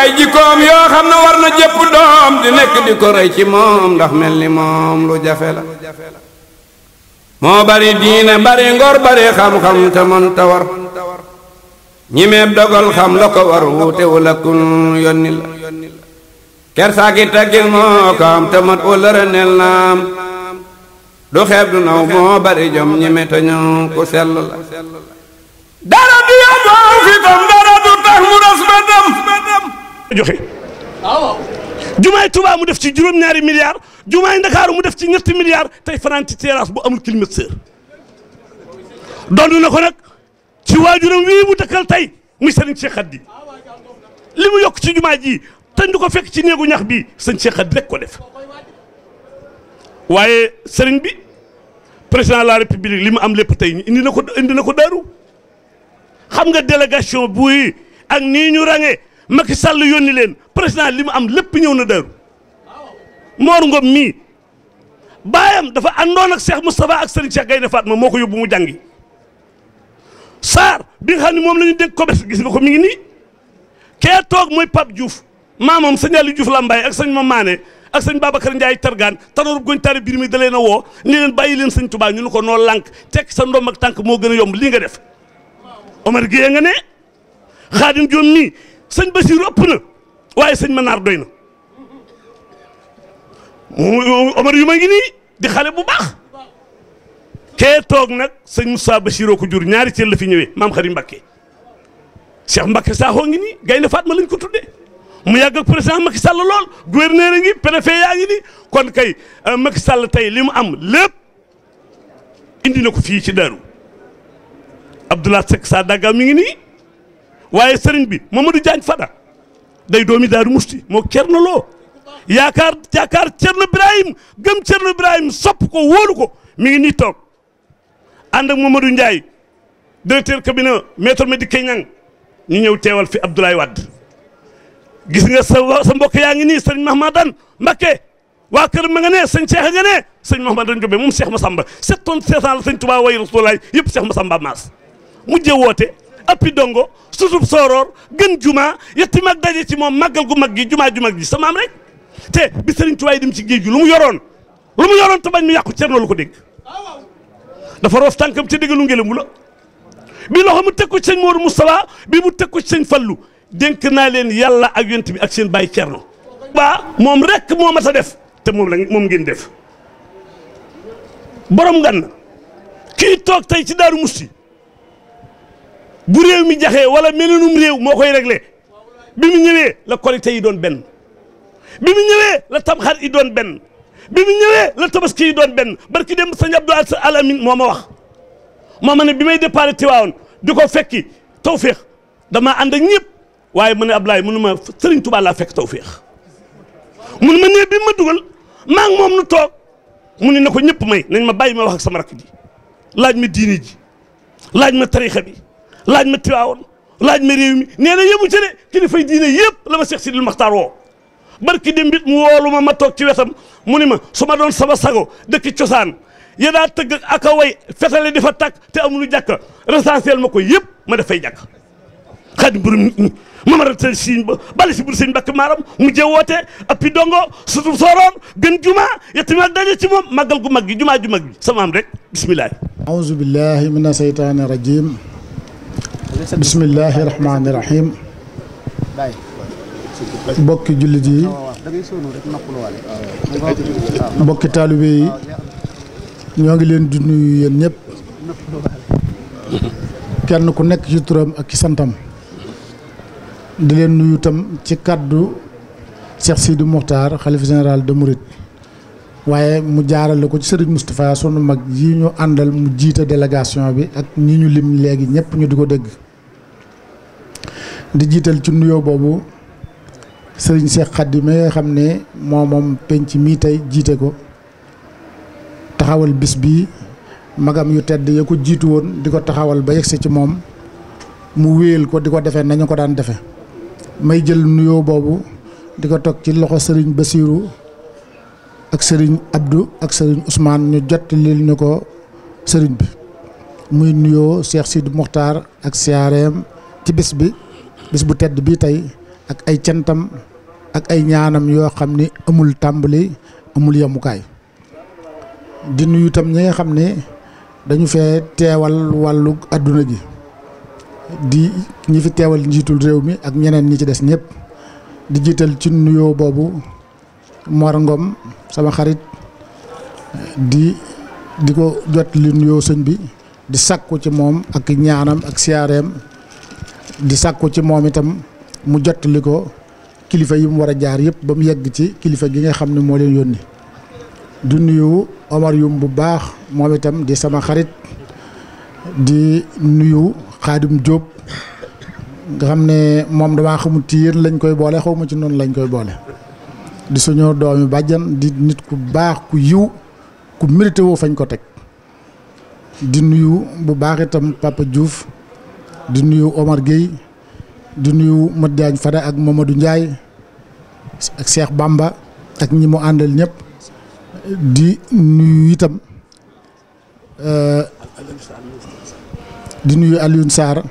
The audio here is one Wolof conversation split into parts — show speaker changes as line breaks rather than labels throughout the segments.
ay jikkoom yoo xam ne war na jëpp doom di nekk
ci moom ndax mel ni moom lu la moo bari diine bari ngor ta war ñi xam la ko war wuute wala kun yónni la kersaaki taggil moo ko am te mat wëllëra nel du xeeb du naw moo bari jom ñi
tañu ku sell la dara du yomb fi tam dara du tax mu ras ba joxe waaw jumaay Touba mu def ci juróom-ñaari milliards jumaay Ndakaaru mu def ci ñetti milliards tey fanaan ci terrasse boo amul climatiseur doon na ko nag ci waajuram wii mu dëkkal tey muy sëriñ Cheikh Khady li mu yokk ci jumaa ji te ñu ko fekk ci néegu ñax bi sëñ Cheikh Khady ko def waaye sëriñ bi président la république li mu am lépp tey indi na ko indi ko daaru xam nga délégation buy ak nii ñu ràññee. Macky Sall yónni leen président li mu am lépp ñëw na Daaru Mor Ngom mii baayam dafa àndoon ak Cheikh Moustapha ak Serigne Cheikh Gaynde ma moo ko yóbbu mu jàngi Sarr bi nga xam ne moom lañu ñu dégg commerce gis nga ko mi ngi nii kee toog mooy Pape juuf maamoom sëñ juuf Diouf Lambaye ak sëñ maane ak sëñ Babacar Ndiaye Targaan tanoorub goñ tari biir mi da leen woo ni leen bàyyi leen sëñ tubaa ñu ko noo lank tekk sa ndoom ak tànk moo gën a yomb lii nga def Omar sëñ Basiiru ëpp na waaye sëñ ma naar doy na Omar yu ma ngi nii di xale bu baax kee toog nag sëñ Moussa Basiiroo ko jur ñaari cër la fi ñëwee maam xarit Mbakke Cheikh Mbakke Sakho ngi nii Gaynde Fatma lañ ko tuddee mu yàgg ak président Macky Sall lool gouverneur a ngi préfet yaa ngi nii kon kay euh, Macky Sall tey li mu am lépp indi na ko fii ci Daaru Abdoulaye Seck Sadaga mi ngi nii. waaye sëriñ bi Mamadou jaañ Fada day doomi Daaru Musti moo ker Cerno Lo yaakaar yaakaar Cerno Ibrahim gëm Cerno Ibrahim sopp ko wóolu ko mi ngi nii toog ànd ak Mamadou Ndiaye directeur cabinet maître Madické Niang ñu ñëw teewal fi Abdoulaye Wade gis nga sa sa mbokk yaa ngi nii sëriñ Mahmadan Mbacké waa kër ma nga ne sëñ a nga ne sëñ Mahmadan Jobé moom Cheikh Massamba sept tonnes cinq cent la sëñ Touba way Rasulaay yëpp Cheikh Massamba Maas mujjee woote ëppi dongo sutub sooroor gën jumaa yetti mag daje ci moom màggal gu mag gi jumaa ju mag ji sa maam rek te bi sëriñ Tuubaa dem ci géej gi lu mu yoroon lu mu yoroon te bañ mu yàqu Cerno lu ko dégg dafa roof tànkam ca déggalu ngelamu la bi loxo mu teg ko ci sëñ Moodu Moustapha bi mu teg ko ci sëñ Fallu dénk naa leen yàlla ak yonent bi ak seen bàyyi Cerno waa moom rek moo mat a def te moom la moom ngeen def borom ngan kii toog tey ci Daaru Musti bu réew mi jaxee wala melenum réew moo koy réglé bi mu ñëwee la Korité yi doon benn bi mu ñëwee la tamxar yi doon benn bi mu ñëwee la tabaski yi doon benn barki dem sëñ Abdou Al Amin moo ma wax moo ma ne bi may départ Tiwaawoon di ko fekki tawféex dama ànd ak ñëpp waaye mu ne Ablaye mënu ma Sëriñ Tuubaa laa fekk tawféex mënu ma nee bi ma dugal maa ngi moom nu toog mu ne ko ñëpp may nañ ma bàyyi ma wax sama rakk ji laaj ma diini ji laaj ma tariixa bi laaj ma Tiwaawoon laaj ma réew mi nee na yemu ci ne kilifay diine yëpp la ma Cheikh Sidil Maxtaar woo barki dem bit mu woolu ma ma toog ci wetam mu ni ma su ma doon sama sago dëkk cosaan ya daa tëgg ak a way fetale di fa tàkk te amulu jàkka recensel ma ko yëpp ma dafay jàkk xaadim borom nit ñi mamaratal siiñ ba bale si bur sëñ mbakk maaram mu je woote appi dongo sutub sooroon gën juma yettima daje ci moom màggal gu mag gi jumaa ju mag gi rek bisimilah.
aouzu billahi mina bismillaahi rahmaani rahiim
mbokki jullit yi
mbokki
taalibe yi ñoo ngi leen di nuyu yéen ñëpp kenn ku nekk ci turam ak ci santam di leen nuyu tam ci kàddu Cheikh Sidi Mokhtar xalifa général de Mouride waaye mu jaarale ko ci Serigne Moustapha sunu mag yi ñu àndal mu jiite délégation bi ak ñi ñu lim léegi ñëpp ñu di ko dégg. di jiital ci nuyoo boobu sëriñ Cheikh Khady nga xam ne moomoom moom penc mii tey jiite ko taxawal bis bi magam yu tedd ya ko jiitu woon di ko taxawal ba yegsi ci moom mu wéyal ko di ko defee nañu ko daan defee may jël nuyoo boobu di ko toog ci loxo sëriñ Basirou ak sëriñ Abdou ak sëriñ usmaan ñu jottalil ñu ko sëriñ bi muy nuyoo Cheikh Sidi Mokhtar ak siyaareem ci bis bi bis bu tedd bii tey ak ay cantam ak ay ñaanam yoo xam ni amul tàmbali amul yemukaay di nuyu itam ñi nga xam ne dañu fee teewal wàllu àdduna ji di ñi fi teewal njiitul réew mi ak ñeneen ñi ci des ñëpp di jiital ci nuyoo boobu Mor sama xarit di di ko jot li nuyoo sëñ bi di sàkku ci moom ak ñaanam ak siyaareem di sàkku ci moom itam mu jottali ko kilifa yi mu war a jaar yëpp ba mu yegg ci kilifa gi nga xam ne moo leen yónni du nuyu bu baax moom itam di sama xarit di nuyu Xaadim Jóob nga xam ne moom damaa xamul tiir lañ koy boole xaw ma ci noonu lañ koy boole di suñu doomi bàjjan di nit ku baax ku yiw ku mérité woo fañ ko teg di nuyu bu baax itam Papa Diouf di nuyu Omar Gueye di nuyu Modou Diagne Fada ak Mamadou njaay ak Cheikh bàmba ak ñi mu àndal ñëpp di nuyu itam euh, di nuyu Alioune Sarr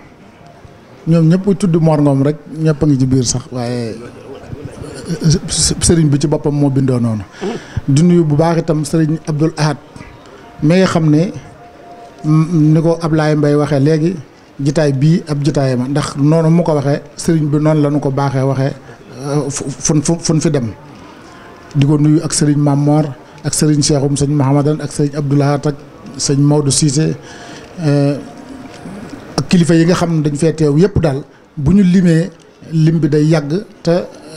ñoom ñëpp tudd Mor Ngom rek ñëpp a ngi ci biir sax waaye euh, sëriñ bi ci boppam moo bindoo noonu. di nuyu bu baax itam sëriñ Abdoul Ahad mi xam ne ni ko Ablaye mbay waxee léegi. jitaay bii ab jitaayam ndax noonu mu ko waxee sëriñ bi noonu lañu ko baaxee waxee fun euh, fun fi dem di ko nuyu ak sëriñ Mamor ak sëriñ Cheikhoum sëñ Mahamadan ak sëriñ Abdoulahat ak sëñ Maodo Cissé euh, ak kilifa yi nga xam ne dañ fee teew yëpp daal bu ñu limee lim bi day yàgg te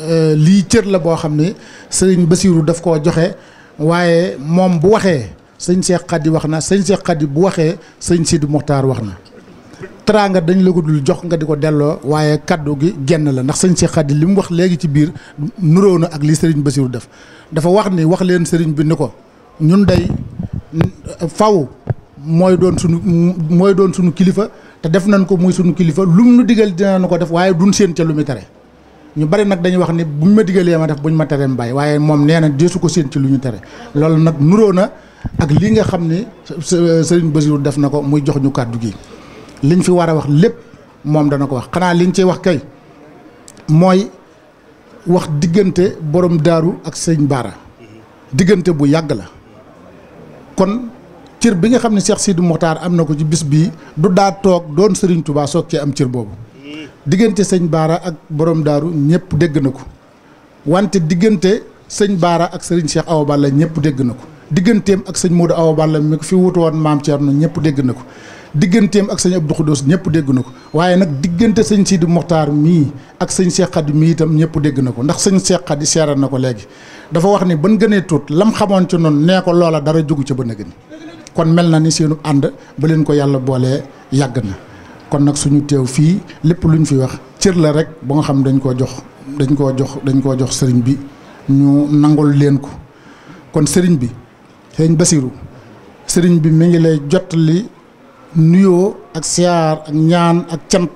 euh, lii cër la boo xam ne sëriñ Basiiru daf koo joxe waaye moom bu waxee sëñ Cheikh Khady wax na sëñ Cheikh Khady bu waxee sëñ Sidi Mokhtar wax na teraanga dañu la ko dul jox nga di ko delloo waaye kaddu gi genn la ndax sëñ Cheikh Khady li mu wax léegi ci biir nuróo na ak li sëriñ Bassirou def dafa wax ni wax leen sëriñ bi ni ko ñun day faw mooy doon suñu mooy doon suñu kilifa te def nañ ko muy suñu kilifa lum nu digal dinañ ko def waaye duñ seen lu muy ñu bari nag dañuy wax ni buñ ma digalee ma def buñ ma teree mbay waaye moom nee na ko seen ci lu ñu tere loolu nag nuróo na ak lii nga xam ni sëriñ Bassirou def na ko muy jox ñu kàddu gi. liñ fi war a wax lépp moom dana ko wax xanaa liñ ciy wax kay mooy wax diggante borom daaru ak sëñ Baara diggante bu yàgg la kon cër bi nga xam ne Cheikh Sidou Mokhtar am na ko ci bis bii du daa toog doon Serigne tubaa soog cee am cër boobu diggante sëñ Baara ak borom daaru ñëpp dégg na ko wante diggante sëñ Baara ak Serigne Cheikh Awa Balla ñëpp dégg na ko digganteem ak sëñ Modou Awa Balla mi ko fi wutoon maam maam Thierno ñëpp dégg na ko digganteem ak sëñ Abdou Khoudous ñëpp dégg na ko waaye nag diggante sañ sii Sidi Mokhtar mii ak sëñ Cheikh Khady mii itam ñëpp dégg na ko ndax sëñ Cheikh Khady seeral na ko léegi dafa wax ni ban gënee tuut lam xamoon ci noonu nee ko loola dara jógu ca ba nëgën kon mel na ni seenu ànd ba leen ko yàlla boolee yàgg na kon nag suñu teew fii lépp lu luñ fi wax cër la rek ba nga xam dañ koo jox dañ koo jox dañ koo jox sëriñ bi ñu nangul leen ko kon sëriñ bi sëriñ Basirou sëriñ bi mi ngi lay jottali nuyoo ak siyaar ak ñaan ak cant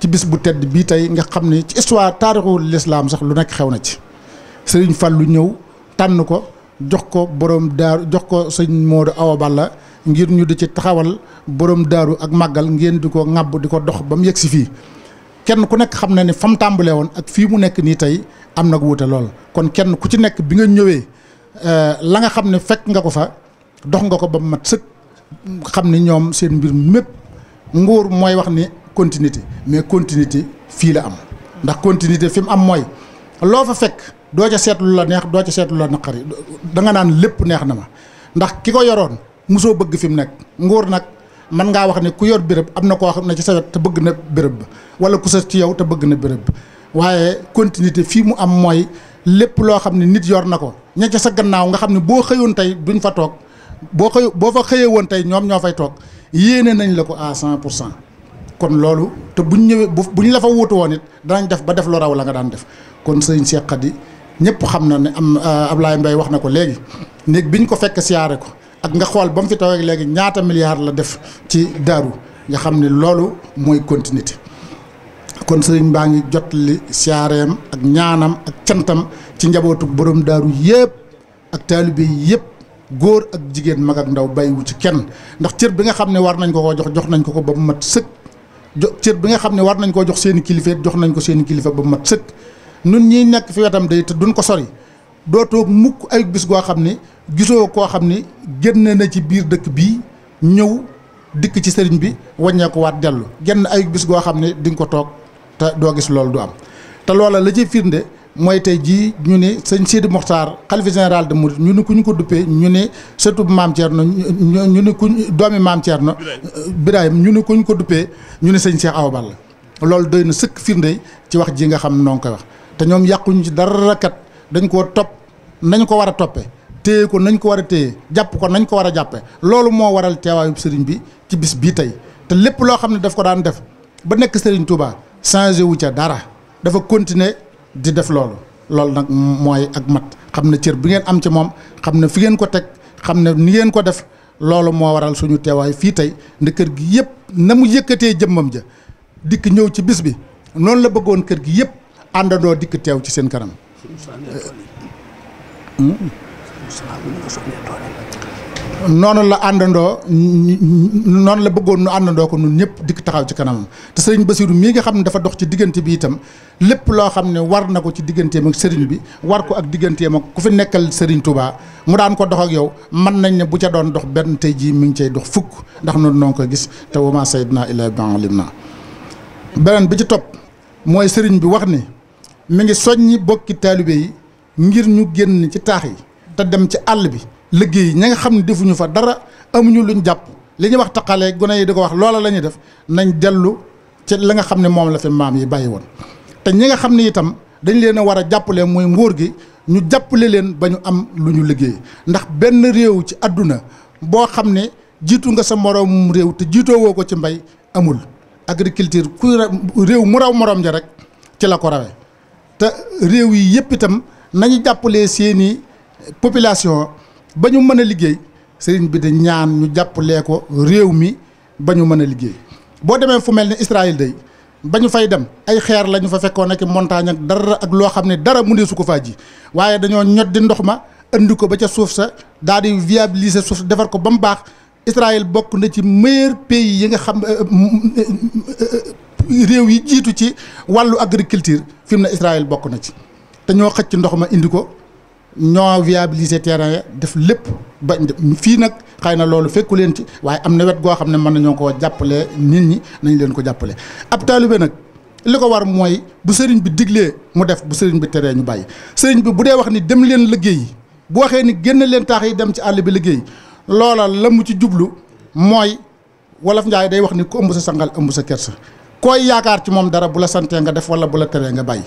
ci bis bu tedd bii tey nga xam ne ci histoire taarixu lislaam sax lu nekk xew na ci sëriñ lu ñëw tànn ko jox ko borom daaru jox ko sëñ Modou Awa Balla ngir ñu di ci taxawal borom daaru ak màggal ngeen di ko ŋàbb di ko dox ba mu yegg si fii kenn ku nekk xam na ne fa mu tàmbalee woon ak fii mu nekk nii tey am na ko wuute lool kon kenn ku ci nekk bi nga ñëwee euh, la nga xam ne fekk nga ko fa dox nga ko ba mu mat sëkk. xam ni ñoom seen mbir mépp nguur mooy wax ni continuité mais continuité fii la am ndax continuité fi mu am mooy loo fa fekk doo ca seetlu la neex doo ca seetlu la naqari da nga naan lépp neex na ma ndax ki ko yoroon mosoo bëgg fi mu nekk nguur nag mën ngaa wax ne ku yor béréb am na koo xam ne ci sa te bëgg na béréb ba wala ku ci yow te bëgg na béréb waaye continuité fii mu am mooy lépp loo xam ne nit yor na ko ña sa gannaaw nga xam ne boo xëyoon tey duñ fa toog boo xëy boo fa xëyee woon tey ñoom ñoo fay toog yéene nañ la ko à cent pour cent kon loolu te buñ ñëwee bu buñ la fa wuutu woon it danañ def ba def lu raw nga daan def kon sëñ Cheikh Khady ñëpp xam na ne am euh, Ablaye mbay wax na ko léegi néeg biñ ko fekk siyaare ko ak nga xool ba mu fi tawee léegi ñaata milliards la def ci daaru nga xam ne loolu mooy continuité kon sëriñ baa ngi jot li siyaareem ak ñaanam ak cantam ci njabootu boroom daaru yëpp ak taalibe yëpp. góor ak jigéen mag ak ndaw bàyyiwu ci kenn ndax cër bi nga xam ne war nañ ko koo jox jox nañ ko ko ba mu mat sëkk jo cër bi nga xam ne war nañ koo jox seeni kilifa jox nañ ko seeni kilifa ba mu mat sëkk nun ñiy nekk fi wetam day te duñ ko sori doo toog mukk ay bis goo xam ne gisoo koo xam ne génn na ci biir dëkk bii ñëw dikk ci sëriñ bi wàññeeku waat dellu genn ay bis goo xam ne dinga ko toog te doo gis loolu du am te loola la ci firnde mooy tey jii ñu ne sëñ Sidi Mokhtar xalifa général de Mouride ñu ne ku ñu ko duppee ñu ne surtout maam Thierno ñu ne ku doomi maam Thierno Birahim ñu ne ku ñu ko duppee ñu ne sëñ Cheikh Awa Balla loolu doy na sëkk firnde ci wax jii nga xam noo ngi wax te ñoom yàquñu ci dara kat dañ koo topp nañ ko war a toppee téye ko nañ ko war a téye jàpp ko nañ ko war a jàppee loolu moo waral teewaayu sëriñ bi ci bis bii tey te lépp loo xam ne daf ko daan def ba nekk sëriñ Touba changé wu ca dara dafa continuer di def loolu loolu nag mooy ak mat xam ne cër bu ngeen am ci moom xam ne fi ngeen ko teg xam ne ni ngeen ko def loolu moo waral suñu teewaay fii tey nde kër gi yëpp na mu yëkkatee jëmmam ja dikk ñëw ci bis bi noonu la bëggoon kër gi yëpp àndandoo dikk teew ci seen kanam. noonu la àndandoo noonu la bëggoon nu àndandoo ko ñun ñëpp dikk taxaw ci kanamam te sëriñ Basiiru mii nga xam ne dafa dox ci diggante bi itam lépp loo xam ne war na ko ci digganteem ak sëriñ bi war ko ak digganteem ak ku fi nekkal sëriñ Touba mu daan ko dox ak yow man nañ ne bu ca doon dox benn tey jii mi ngi cay dox fukk ndax noonu noo ko gis te wama sayyidna illa bi alimna beneen bi ci topp mooy sëriñ bi wax ni mi ngi soññi bokki taalibe yi ngir ñu génn ci taax yi te dem ci àll bi liggéey ña nga xam ne defuñu fa dara amuñu luñ jàpp li ñuy wax taqale gone yi di ko wax loola la ñuy def nañ dellu ci la nga xam ne moom la fi maam yi bàyyi woon te ñi nga xam ne itam dañ leen a war a jàppale mooy nguur gi ñu jàppale leen ba ñu am lu ñu liggéey ndax benn réew ci àdduna boo xam ne jiitu nga sa moroomum réew te jiitoo woo ko ci mbay amul agriculture ku réew mu raw moroom ja rek ci la ko rawee te réew yi yëpp itam nañu jàppalee seeni population ba ñu mën a liggéey sëriñ bi di ñaan ñu jàppalee ko réew mi ba ñu mën a liggéey boo demee fu mel ne Israël day ba ñu fay dem ay xeer la ñu fa fekkoon ak montagne ak dara ak loo xam ne dara mu neesu ko faa ji waaye dañoo ñot ndox ma indi ko ba ca suuf sa daal di viabiliser suuf defar ko ba mu baax Israël bokk na ci meilleur pays yi nga xam euh, euh, euh, réew yi jiitu ci wàllu agriculture fi mu ne Israël bokk na ci te ñoo xëcc ndox ma indi ko. ñoo viabiliser terrain ya def lépp ba fii nag xëy na loolu fekku leen ci waaye am na wet goo xam ne mën nañoo koo jàppale nit ñi nañ leen ko jàppale ab taalibe nag li ko war mooy bu sëriñ bi diglee mu def bu sëriñ bi teree ñu bàyyi sëriñ bi bu dee wax ni dem leen liggéey yi bu waxee ni génn leen taax yi dem ci àll bi liggéey loola la mu ci jublu mooy wolof njaay day wax ni ku ëmb sa sangal ëmb sa kersa koy yaakaar ci moom dara bu la santee nga def wala bu la teree nga bàyyi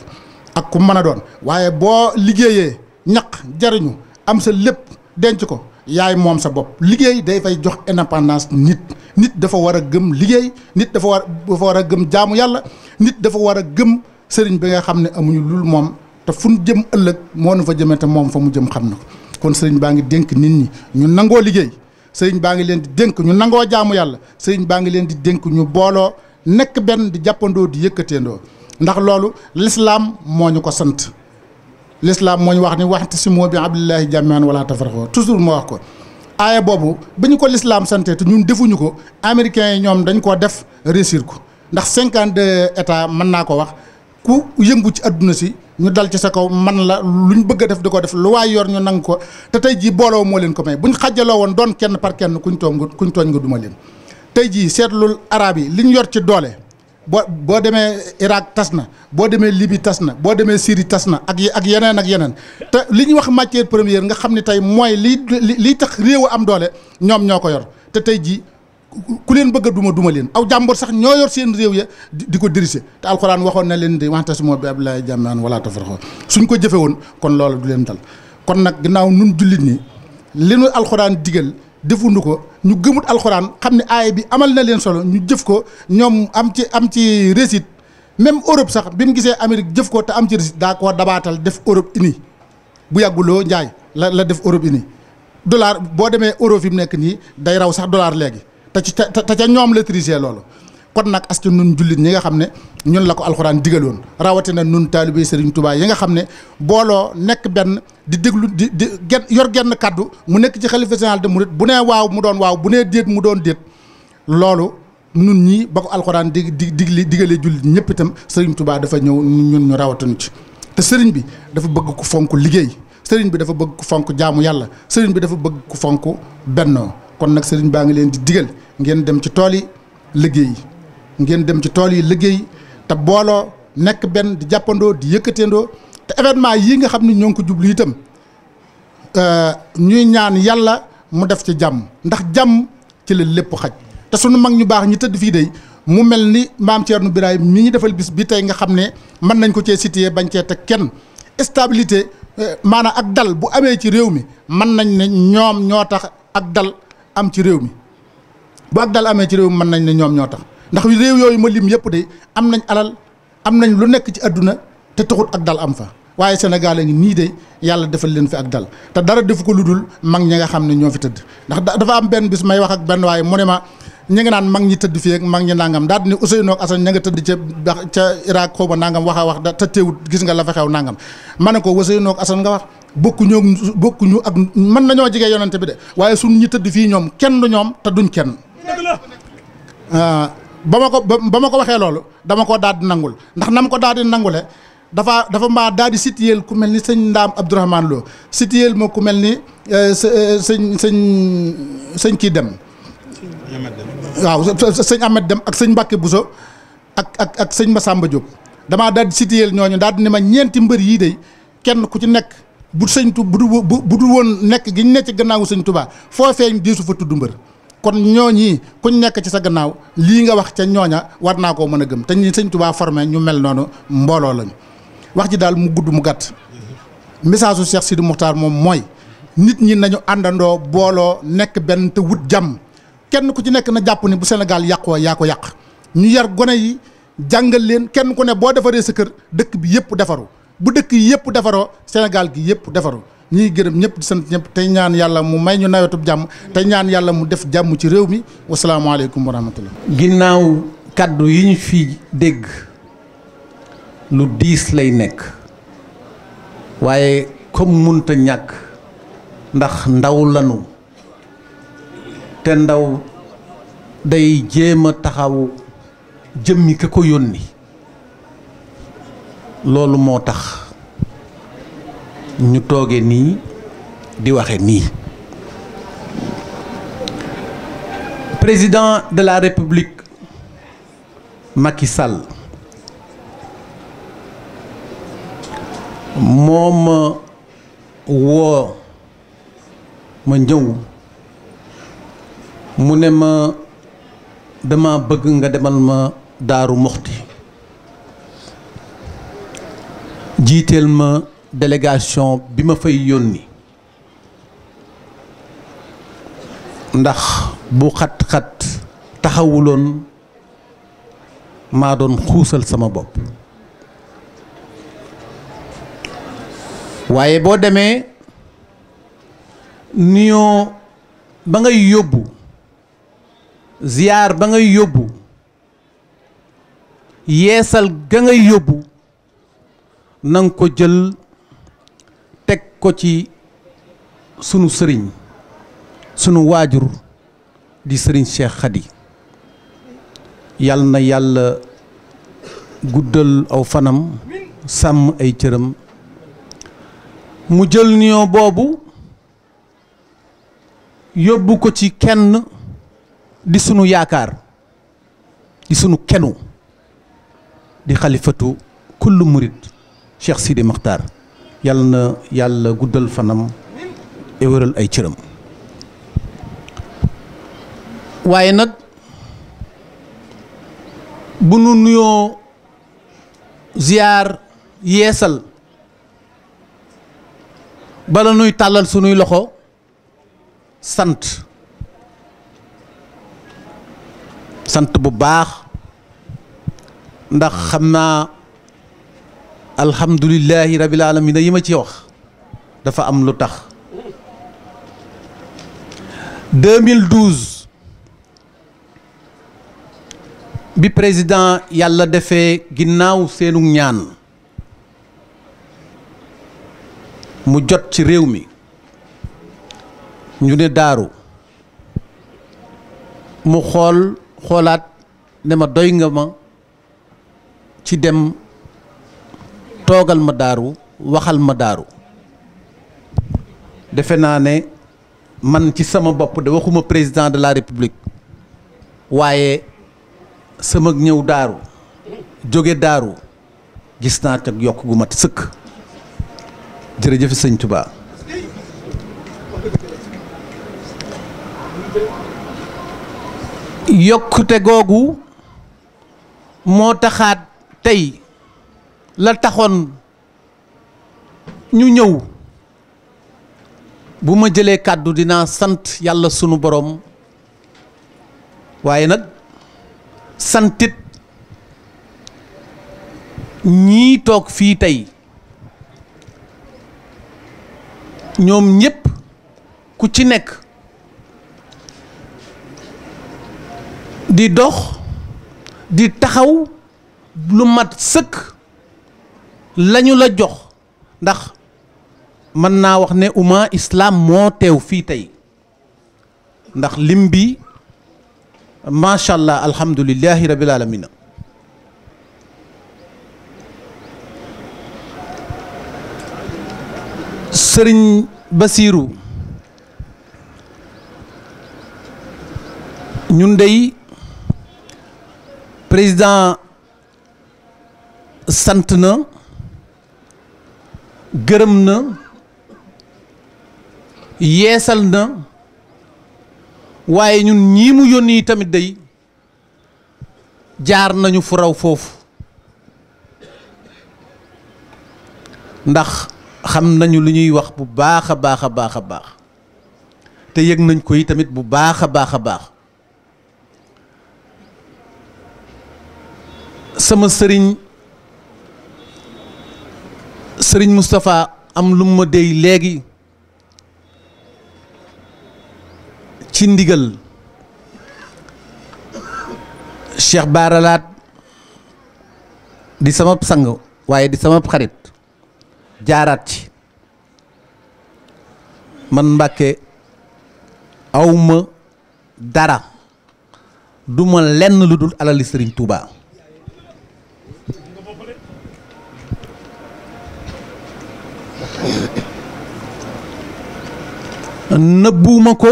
ak ku mën a doon waaye boo liggéeyee ñaq jariñu am sa lépp denc ko yaay moom sa bopp liggéey day fay jox indépendance nit nit dafa war a gëm liggéey nit dafa war dafa war a gëm jaamu yàlla nit dafa war a gëm sëriñ bi nga xam ne amuñu lul moom te fun jëm ëllëg moo nu fa jëmee te moom fa mu jëm xam na ko kon sëriñ baa ngi dénk nit ñi ñu nangoo liggéey sëriñ baa ngi leen di dénk ñu nangoo jaamu yàlla sëriñ baa ngi leen di dénk ñu booloo nekk benn di jàppandoo di yëkkateendoo ndax loolu lislaam moo ko sant lislaam moo ñu wax ni waxte si moo bi abdillahi jamian wala tafarqoo toujours moo wax ko aaya boobu ba ñu ko lislaam sante te ñun defuñu ko américains yi ñoom dañu koo def réussir ko ndax cinquante de états mën naa ko wax ku yëngu ci adduna si ñu dal ci sa kaw man la luñ bëgg a def di ko def lu waay yor ñu nangu ko te tey jii booloo moo leen ko may buñ xajaloo woon doon kenn par kenn kuñ tooñ kuñ tooñ nga duma leen tey jii seetlul araab yi li ñu yor ci doole boo boo demee Irak tas na boo demee Libye tas na boo demee siri tas na ak ak yeneen ak yeneen te li ñuy wax matière première nga xam ne tey mooy li liy tax réew am doole ñoom ñoo ko yor te tey jii ku leen bëgg duma duma leen aw jàmbur sax ñoo yor seen réew ya di ko diriger te alxuraan waxoon na leen di wa'tasimu bi hablillahi jamii'an wa laa tafarraqu suñ ko jëfe woon kon loolu du leen dal kon nag ginnaaw nun jullit ñi li nu alxuraan digal defundu ko ñu gëmut alxuraan xam ne aay bi amal na leen solo ñu jëf ko ñoom am ci am ci réussite même Europe sax bi mu gisee Amérique jëf ko te am ci réussite daa ko dabaatal def Europe unie bu yàgguloo njaay la la def Europe unie dollar boo demee euro fi mu nekk nii day raw sax dollar léegi te ci te ca ñoom la tricher loolu kon nag as nun jullit ñi nga xam ne ñun la ko alxuraan digaloon rawatina nun taalibe Serigne Touba yi nga xam ne booloo nekk benn di déglu di di genn yor genn kàddu mu nekk ci xalifa général de murit bu nee waaw mu doon bu nee déet mu doon déet loolu nun ñii ba alxuraan di di digli digalee jullit ñëpp itam Serigne Touba ñëw ñun ñu rawatanu ci te sëriñ bi dafa bëgg ku fonk liggéey sëriñ bi dafa bëgg fonk jaamu yàlla sëriñ bi dafa bëgg ku fonk bennoo kon nag sëriñ baa ngi leen di digal ngeen dem ci tool yi liggéey ngeen dem ci tool yi liggéey te booloo nekk benn di jàppandoo di yëkkateendoo te événement yii nga xam ni ñoo ngi ko jublu itam euh, ñuy ñaan yàlla mu def ci jàmm ndax jàmm ci la lépp xaj te sunu mag ñu baax ñi tëdd fii de mu mel ni maam Thierno Birahim mi ñu defal bis bi tey nga xam ne mën nañ ko cee cité bañ cee teg kenn stabilité euh, maanaam ak dal bu amee ci réew mi mën nañ ne ñoom ñoo tax ak dal am ci réew mi bu ak dal amee ci réew mi mën nañ ne ñoom ñoo tax. ndax réew yooyu ma lim yëpp de am nañ alal am nañ lu nekk ci àdduna te taxut ak dal am fa waaye Sénégal a ngi nii de yàlla defal leen fi ak dal te dara defu ko lu dul mag ñi nga xam ne ñoo fi tëdd ndax dafa am benn bis may wax ak benn waaye mu ne ma ñi nga naan mag ñi tëdd fii ak mag ñi nangam daal ne Ousseynou ak Assane ña nga tëdd ca ca Irak xaw ma nangam wax a wax da te teewut gis nga la fa xew nangam ma ne ko Ousseynou ak Assane nga wax bokkuñu bokkuñu ak mën nañoo jege yonante bi de waaye suñ ñi tëdd fii ñoom kenn du ñoom te duñ kenn ba ma ko ba ma ko waxee loolu dama ko daal di nangul ndax nam ko daal di nangule dafa dafa mbaa daal di sitiyeel ku mel ni sëñ ndaam Abdourahmane Lo sitiyeel ma ku mel ni euh, euh, sëñ sëñ sëñ kii dem waaw sëñ Ahmed dem ak sëñ Mbacke Bousso ak ak ak sëñ Massamba Diop damaa daal di sitiyeel ñooñu daal di ne ma ñeenti mbër yii de kenn ku ci nekk bu sëñ tu bu du bu woon nekk gi ñu ne ci gannaawu sëñ tubaa foo feeñ diisu fa tudd mbër kon ñooñi kuñ nekk ci sa gannaaw lii nga wax ca ñooña war naa koo mën a gëm te ñi sëñ Tuubaa formé ñu mel noonu mbooloo lañu wax ji daal mu gudd mu gàtt message su Cheikh Sidi Muxtaar moom mooy nit ñi nañu àndandoo booloo nekk benn te wut jàmm kenn ku ci nekk na jàpp ni bu Sénégal yàqoo yaa ko yàq ñu yar gone yi jàngal leen kenn ku ne boo defaree sa kër dëkk bi yëpp defaru bu dëkk yi yëpp defaroo Sénégal gi yëpp defaru ñiy gërëm ñëpp di sant ñëpp tey ñaan yàlla mu may ñu nawetub jàmm tey ñaan yàlla mu def jàmm ci réew mi wasalaamaaleykum wa rahmatullah
ginnaaw kàddu yi ñu fi dégg lu diis lay nekk waaye comme munta ñàkk ndax ndaw lanu te ndaw day jéem a taxaw jëmmi ka ko yónni loolu moo tax ñu tooge nii di waxe nii président de la république Macky Sall moo ma woo ma ñëw mu ne ma dama bëgg nga demal ma Daaru Muxti jiiteel ma délégation bi ma fay yónni ndax bu xat-xat taxawuloon maa doon xuusal sama bopp waaye boo demee nuyoo ba ngay yóbbu ziyaar ba ngay yóbbu yeesal ga ngay yóbbu nanga ko jël ko ci sunu sëriñ sunu waajur di sëriñ Cheikh Khady yal na yàlla guddal aw fanam sàmm ay cëram mu jël nuyoo boobu yóbbu ko ci kenn di sunu yaakaar di sunu kenu di xalifatu kullu murid Cheikh Sidi Makhtar yal na yàlla guddal fanam éwéral ay cëram waaye nag bu nu nuyoo ziyaar yeesal bala nuy tàllal sunuy loxo sant sant bu baax ndax xam naa alhamdulilahi rabil alamina yi ma ci wax dafa am lu tax 2012 bi président yàlla defee ginnaaw seenu ñaan mu jot ci réew mi ñu ne daaru mu xool xoolaat ne ma doy nga ma ci dem toogal ma daaru waxal ma daaru defe naa ne man ci sama bopp de waxuma président de la république waaye sama ñëw daaru jóge daaru gis naa ca yokk gu mat sëkk jërëjëf sëñ yokkute googu moo taxaat tey la taxoon ñu ñëw bu ma jëlee kàddu dinaa sant yàlla sunu boroom waaye nag santit ñii toog fii tey ñoom ñépp ku ci nekk di dox di taxaw lu mat sëkk lañu la jox ndax mën naa wax ne uma islam moo teew fii tey ndax lim bi macha allah alhamdulilahi rabil alamina sëriñ Basiiru ñu dey président sant na gërëm na yeesal na waaye ñun ñii mu yónni tamit day jaar nañu fu raw foofu ndax xam nañu lu ñuy wax bu baax a baax a baax a baax te yëg nañ ko yi tamit bu baax a baax a baax sëriñ sëriñ Moustapha am lu ma dey léegi ci ndigal Cheikh Baaralaat di sama sang waaye di sama xarit jaaraat ci man Mbàkke awma dara duma lenn lu dul alali sëriñ Touba. nëbbuuma ko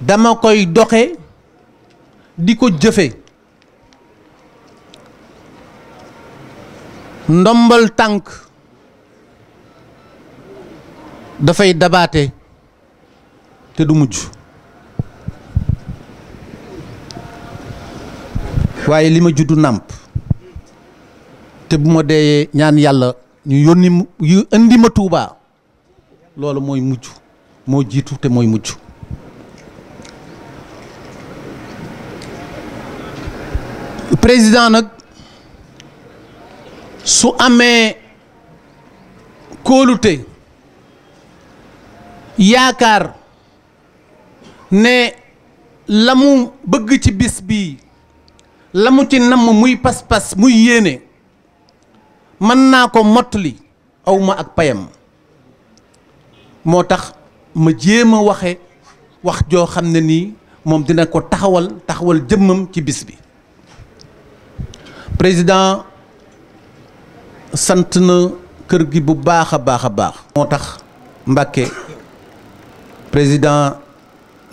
dama koy doxe di ko jëfe ndombal tànk dafay dabaate te du mujj waaye li ma juddu nàmp te bu ma deeyee ñaan yàlla ñu yónni yu indi ma Tuubaa loolu mooy mujj moo jiitu te mooy mujj président nag su amee kóolute yaakaar ne la bëgg ci bis bi la mu ci namm muy pas-pas muy yéene mën naa ko mottali awma ak payam moo tax ma jéem a waxe wax joo xam ne nii moom dina ko taxawal taxawal jëmmam ci bis bi président sant na kër gi bu baax a baax a baax moo tax Mbàkke président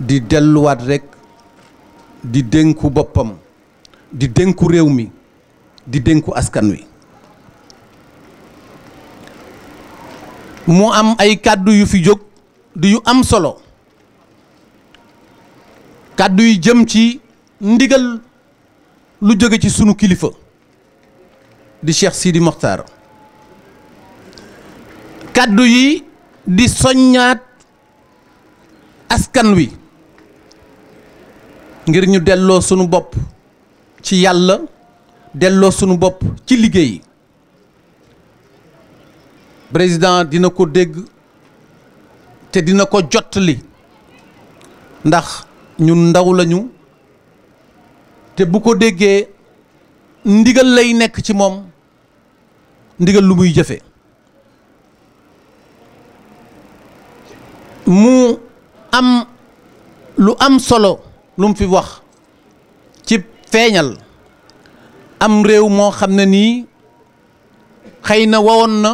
di delluwaat rekk di dénku boppam di dénku réew mi di dénku askan wi mu am ay kàddu yu fi jóg di yu am solo kàddu yu jëm ci ndigal lu jóge ci sunu kilifa di Cheikh Sidi Mokhtar kàddu yi di soññaat askan wi ngir ñu delloo sunu bopp ci yàlla delloo sunu bopp ci liggéey président dina ko dégg te dina ko jottali ndax ñun ndaw lañu te bu ko déggee ndigal lay nekk ci moom ndigal lu muy jëfe mu am lu am solo lu mu fi wax ci feeñal am réew moo xam ne nii xëy na wawoon na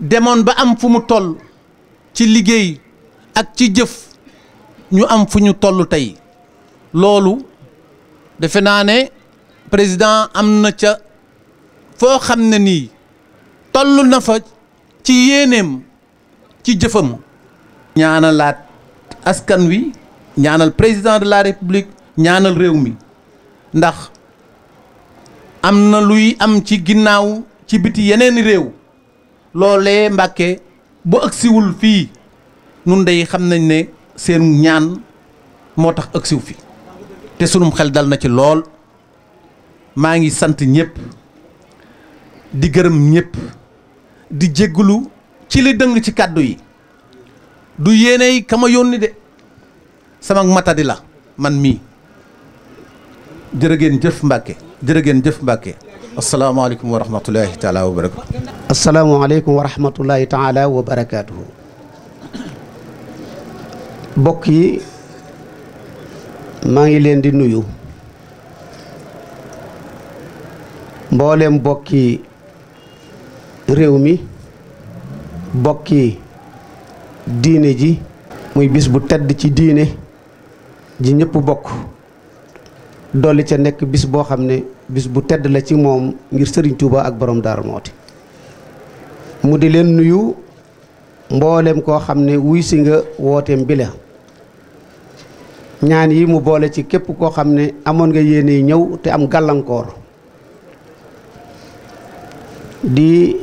demoon ba am fu mu toll ci liggéey ak ci jëf ñu am fu ñu toll tey loolu defe naa ne président am na ca foo xam ne nii toll na fa ci yéeneem ci jëfam ñaanalaat askan wi ñaanal président de la république ñaanal réew mi ndax am na luy am ci ginnaaw ci biti yeneen réew loolee Mbàkke bu agsiwul fii nun day xam nañ ne seen ñaan moo tax agsiw fi te sunum xel dal na ci lool maa ngi sant ñëpp di gërëm ñëpp di jéggulu ci li dëng ci kàddu yi du yéeney kama yónni de sama matadi la man mii jërë ngeen jëf Mbàkke jërë ngeen jëf Mbàkke asalaamaaleykum wa rahmatulahi taala wa barakaatu.
asalaamaaleykum wa rahmatulahi yi maa ngi leen di nuyu. mboolem bokki réew mi bokki diine ji muy bis bu tedd ci diine ji ñépp bokk dolli ca nekk bis boo xam ne bis bu tedd la ci moom ngir sëriñ Touba ak borom Darou ti mu di leen nuyu mbooleem koo xam ne wuy si nga wooteem bila ñaan yi mu boole ci képp koo xam ne amoon nga yéene ñëw te am gàllankoor di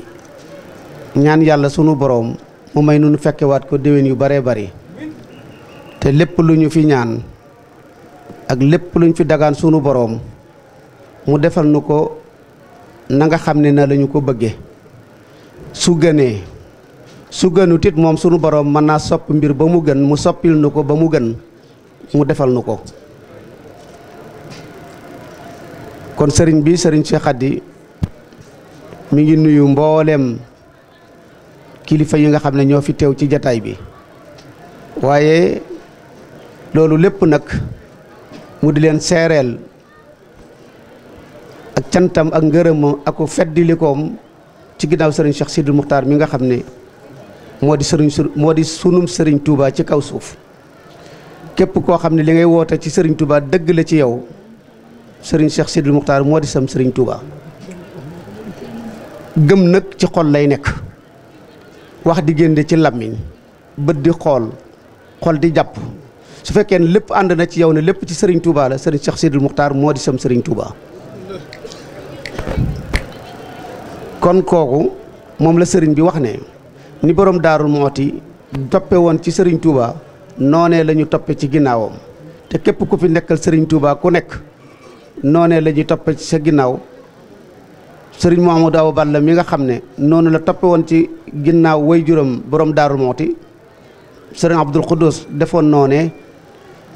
ñaan yàlla sunu boroom mu may nu fekkewaat ko déwén yu baree bari te lépp ñu fi ñaan ak lépp lu fi dagaan sunu boroom mu defal nu ko na nga xam ne na lañu ko bëggee su gënee su gënu tit moom sunu borom mën naa sopp mbir ba mu gën mu soppil nu ko ba mu gën mu defal nu ko kon sëriñ bi sëriñ Cheikh Khady mi ngi nuyu mbooleem kilifa yi nga xam ne ñoo fi teew ci jataay bi waaye loolu lépp nag mu di leen seereel ak cantam ak ngërëmam ak feddilikoom ci ginnaaw sëriñ Cheikh Sidil Muxtaar mi nga xam ne moo di sëriñ moo di sunum sëriñ tuubaa ci kaw suuf képp koo xam ne li ngay woote ci sëriñ Touba dëgg la ci yow sëriñ Cheikh Sidil Muxtaar moo di sam sëriñ Touba gëm nag ci xool lay nekk wax di génne ci làmmiñ bët di xool xool di jàpp su fekkee ne lépp ànd na ci yow ne lépp ci sëriñ Touba la sëriñ Cheikh Sidil Muxtaar moo di sam sëriñ tuubaa kon kooku moom la sëriñ bi wax ne ni borom daarul mooti toppe woon ci sëriñ Touba noonee lañu toppe ci ginnaawam te képp ku fi nekkal sëriñ Touba ku nekk noonee la ñuy toppe ci sa ginnaaw sëriñ Mouhamadou Awa Balla mi nga xam ne noonu la toppe woon ci ginnaaw way juróom borom daarul mooti sëriñ Abdul Khoudous defoon noonee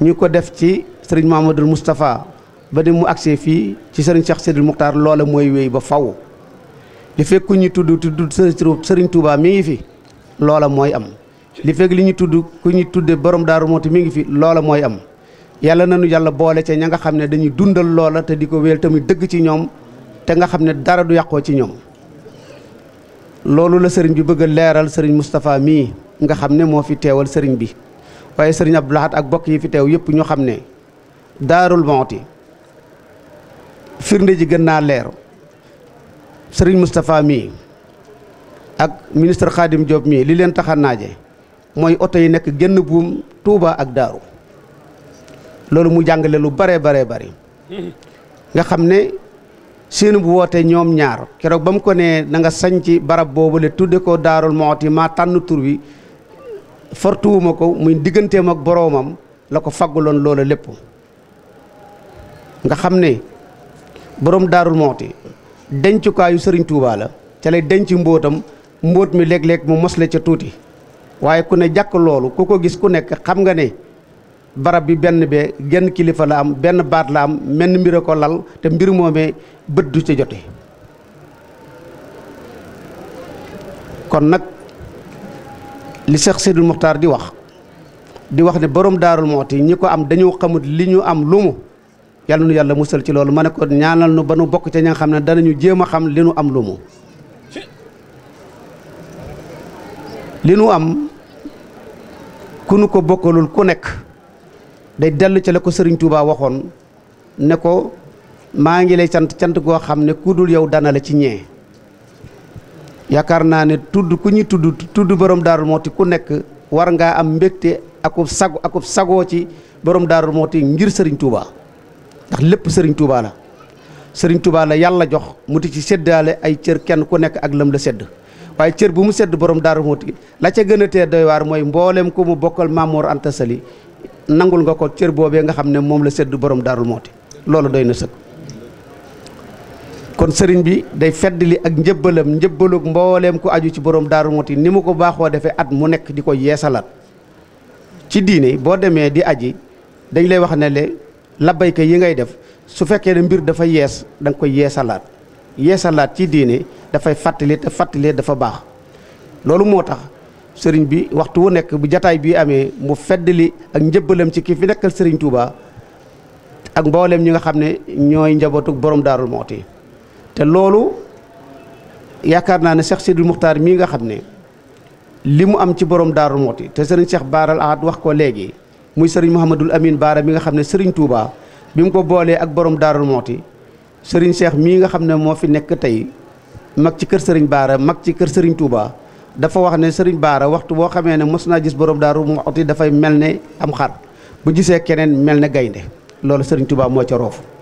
ñu ko def ci sëriñ Mouhamadul Moustapha ba ni mu agsee fii ci sëriñ Cheikh Sidil Muxtaar loola mooy wéy ba faw li fekk ñu tudd tudd sëriñ Touba mi ngi fi loola mooy am li fekk li ñu tudd ku ñu tudde borom daaru mooti mi ngi fi loola mooy am yàlla nanu yàlla boole ca ña nga xam ne dañuy dundal loola te di ko wéel tamit dëgg ci ñoom te nga xam ne dara du yàqoo ci ñoom loolu la sëriñ bi bëgg a leeral sëriñ Moustapha mii nga xam ne moo fi teewal sëriñ bi waaye sëriñ Abdou Lahad ak bokk yi fi teew yëpp ñu xam ne daarul mooti firnde ji gën naa leer sëriñ Moustapha mii ak ministre xaadim Diop mii li leen tax naaje mooy oto yi nekk génn buum tuubaa ak Daaru loolu mu jàngale lu bare bare bari nga xam ne seenu bu wootee ñoom ñaar keroog ba mu ko nee na nga sañci barab boobu le tudde ko Daarul Mooti maa tànn tur wi fortuwuma ko muy digganteem ak boroomam la ko fagguloon loola lépp nga xam ne borom daarul mooti dencukaayu sëriñ tuubaala la ca lay denc mbóotam mbóot mi léeg-léeg mu mosle ca tuuti waaye ku ne jàkk loolu ku ko gis ku nekk xam nga ne barab bi benn bee genn kilifa la am benn baat la am menn mbir a ko lal te mbir moomee bët du ca jote kon nag li Cheikh Sidul Muxtaar di wax di wax ne borom daarul mooti ñi ko am dañoo xamut li ñu am lumu yàlla nu yàlla musal ci loolu ma ne ko ñaanal nu ba nu bokk ca ña nga xam ne danañu jéem a xam li nu am lu mu li nu am ku nu ko bokkalul ku nekk day dellu ci la ko sëriñ Touba waxoon ne ko maa ngi lay cant cant goo xam ne ku dul yow dana la ci ñee yaakaar naa ne tudd ku ñuy tudd tudd borom daarul mooti ku nekk war ngaa am mbégte akub sago akub sagoo ci borom daarul mooti ngir sëriñ Touba. ndax lépp sëriñ Touba la sëriñ Touba la yàlla jox mu ti ci séddaale ay cër kenn ku nekk ak lëm la sedd waaye cër bu mu sedd borom Daaru Muxti la ca gën tee doy waar mooy mbooleem ku mu bokkal Mamour Anta Sali nangul nga ko cër boobee nga xam ne moom la sedd borom Daaru Muxti loolu doy na sëkk kon sëriñ bi day feddali ak njëbbalam njëbbalug mbooleem ku aju ci borom Daaru Muxti ni mu ko baaxoo defee at mu nekk di ko yeesalaat ci diine boo demee labbayka yi ngay def su fekkee ne mbir dafa yees da koy yeesalaat yeesalaat ci diine dafay fàttali te fàttali dafa baax loolu moo tax sëriñ bi waxtu wu nekk bu jataay bii amee mu feddali ak njëbbalam ci ki fi nekkal sëriñ Touba ak mboolem ñi nga xam ne ñooy njabootu borom daarul mooti te loolu yaakaar naa ne Cheikh Sidil Muxtaar mii nga xam ne li mu am ci borom daarul mooti te sëriñ Cheikh Baaral Ahad wax ko léegi. muy sëriñ Mouhamadul Amine Baara mi nga xam ne sëriñ Touba bi mu ko boolee ak borom Darou Mouhty sëriñ Cheikh mii nga xam ne moo fi nekk tey mag ci kër sëriñ Baara mag ci kër sëriñ Touba dafa wax ne sëriñ Baara waxtu boo xamee ne mos naa gis borom Darou Mouhty dafay mel ne am xar bu jisee keneen mel ne gaynde loolu sëriñ Touba moo ca roof